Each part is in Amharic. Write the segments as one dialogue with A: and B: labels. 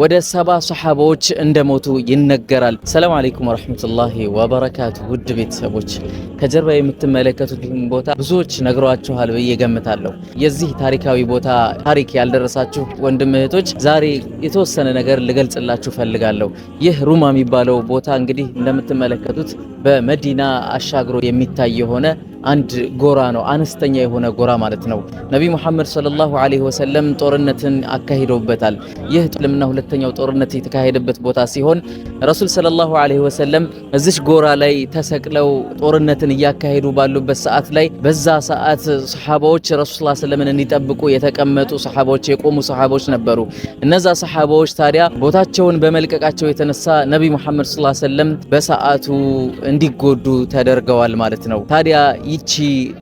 A: ወደ ሰባ ሰሓባዎች እንደሞቱ ይነገራል። ሰላም አለይኩም ወራህመቱላሂ ወበረካቱ። ውድ ቤተሰቦች ከጀርባ የምትመለከቱት ቦታ ብዙዎች ነግሯችኋል ብዬ ገምታለሁ። የዚህ ታሪካዊ ቦታ ታሪክ ያልደረሳችሁ ወንድም እህቶች ዛሬ የተወሰነ ነገር ልገልጽላችሁ ፈልጋለሁ። ይህ ሩማ የሚባለው ቦታ እንግዲህ እንደምትመለከቱት በመዲና አሻግሮ የሚታይ የሆነ አንድ ጎራ ነው፣ አነስተኛ የሆነ ጎራ ማለት ነው። ነቢ ሙሐመድ ሰለላሁ ዐለይሂ ወሰለም ጦርነትን አካሂደውበታል። ይህ ጥልምና ሁለተኛው ጦርነት የተካሄደበት ቦታ ሲሆን ረሱል ሰለላሁ ዐለይሂ ወሰለም እዚች ጎራ ላይ ተሰቅለው ጦርነትን እያካሄዱ ባሉበት ሰዓት ላይ በዛ ሰዓት ሰሓባዎች ረሱል ሰለላሁ ዐለይሂ ወሰለምን እንዲጠብቁ የተቀመጡ ሰሓባዎች፣ የቆሙ ሰሓባዎች ነበሩ። እነዛ ሰሓባዎች ታዲያ ቦታቸውን በመልቀቃቸው የተነሳ ነቢ ሙሐመድ ሰለላሁ ዐለይሂ ወሰለም በሰዓቱ እንዲጎዱ ተደርገዋል ማለት ነው ታዲያ ይቺ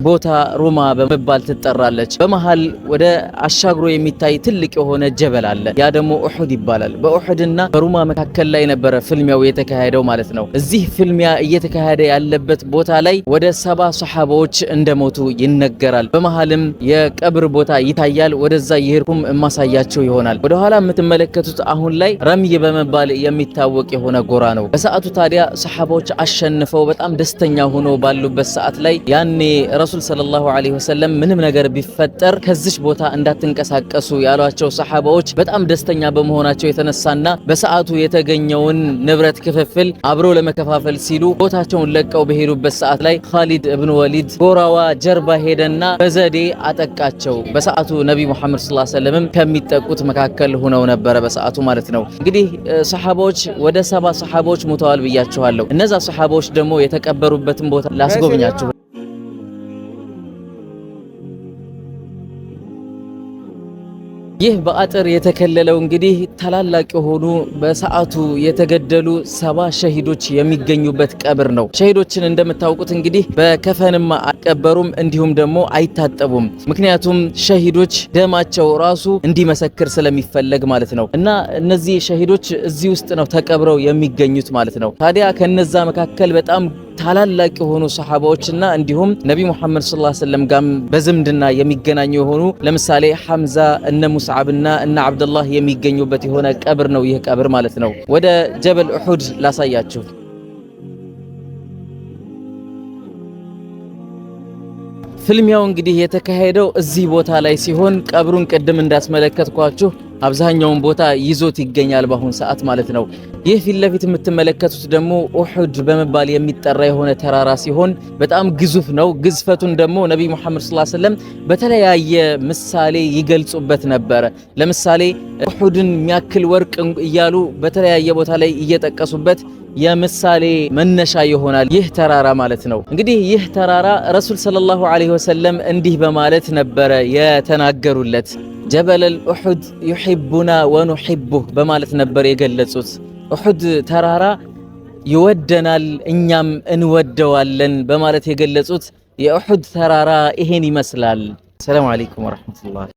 A: ቦታ ሩማ በመባል ትጠራለች። በመሃል ወደ አሻግሮ የሚታይ ትልቅ የሆነ ጀበል አለ። ያ ደግሞ ኡሑድ ይባላል። በኡሑድና በሩማ መካከል ላይ ነበረ ፍልሚያው የተካሄደው ማለት ነው። እዚህ ፍልሚያ እየተካሄደ ያለበት ቦታ ላይ ወደ ሰባ ሰሓባዎች እንደሞቱ ይነገራል። በመሃልም የቀብር ቦታ ይታያል። ወደዛ የሄድኩም የማሳያቸው ይሆናል። ወደኋላ የምትመለከቱት አሁን ላይ ረምይ በመባል የሚታወቅ የሆነ ጎራ ነው። በሰዓቱ ታዲያ ሰሓባዎች አሸንፈው በጣም ደስተኛ ሆኖ ባሉበት ሰዓት ላይ ያኔ ረሱል ሰለላሁ ዐለይሂ ወሰለም ምንም ነገር ቢፈጠር ከዚች ቦታ እንዳትንቀሳቀሱ ያሏቸው ሰሓባዎች በጣም ደስተኛ በመሆናቸው የተነሳና በሰዓቱ የተገኘውን ንብረት ክፍፍል አብሮ ለመከፋፈል ሲሉ ቦታቸውን ለቀው በሄዱበት ሰዓት ላይ ኻሊድ እብን ወሊድ ጎራዋ ጀርባ ሄደና በዘዴ አጠቃቸው። በሰዓቱ ነቢ ሙሐመድ ሰለላሁ ዐለይሂ ከሚጠቁት መካከል ሆነው ነበረ፣ በሰዓቱ ማለት ነው። እንግዲህ ሰሓባዎች ወደ ሰባ ሰሓባዎች ሞተዋል ብያችኋለሁ። እነዛ ሰሓባዎች ደግሞ የተቀበሩበትን ቦታ ላስጎብኛችሁ ይህ በአጥር የተከለለው እንግዲህ ታላላቅ የሆኑ በሰዓቱ የተገደሉ ሰባ ሸሂዶች የሚገኙበት ቀብር ነው። ሸሂዶችን እንደምታውቁት እንግዲህ በከፈንም አይቀበሩም፣ እንዲሁም ደግሞ አይታጠቡም። ምክንያቱም ሸሂዶች ደማቸው ራሱ እንዲመሰክር ስለሚፈለግ ማለት ነው። እና እነዚህ ሸሂዶች እዚህ ውስጥ ነው ተቀብረው የሚገኙት ማለት ነው። ታዲያ ከነዛ መካከል በጣም ታላላቅ የሆኑ ሰሃባዎችና እንዲሁም ነቢ ሙሐመድ ሰለላሁ ዐለይሂ ወሰለም ጋር በዝምድና የሚገናኙ የሆኑ ለምሳሌ ሐምዛ እነ ሙስዓብና እነ አብደላህ የሚገኙበት የሆነ ቀብር ነው። ይህ ቀብር ማለት ነው። ወደ ጀበል ኡሑድ ላሳያችሁ። ፍልሚያው እንግዲህ የተካሄደው እዚህ ቦታ ላይ ሲሆን ቀብሩን ቅድም እንዳስመለከትኳችሁ አብዛኛውን ቦታ ይዞት ይገኛል በአሁን ሰዓት ማለት ነው። ይህ ፊት ለፊት የምትመለከቱት ደግሞ ኡሑድ በመባል የሚጠራ የሆነ ተራራ ሲሆን በጣም ግዙፍ ነው። ግዝፈቱን ደግሞ ነቢይ ሙሐመድ ሰለላሁ ዐለይሂ ወሰለም በተለያየ ምሳሌ ይገልጹበት ነበረ። ለምሳሌ ኡሑድን የሚያክል ወርቅ እያሉ በተለያየ ቦታ ላይ እየጠቀሱበት የምሳሌ መነሻ ይሆናል ይህ ተራራ ማለት ነው። እንግዲህ ይህ ተራራ ረሱል ሰለላሁ ዐለይሂ ወሰለም እንዲህ በማለት ነበረ የተናገሩለት ጀበለል ኡሑድ ዩሒቡና ወኑሒቡህ በማለት ነበር የገለጹት። ኡሑድ ተራራ ይወደናል እኛም እንወደዋለን በማለት የገለጹት የኡሑድ ተራራ ይሄን ይመስላል። ሰላም አለይኩም ወረሕመቱላህ።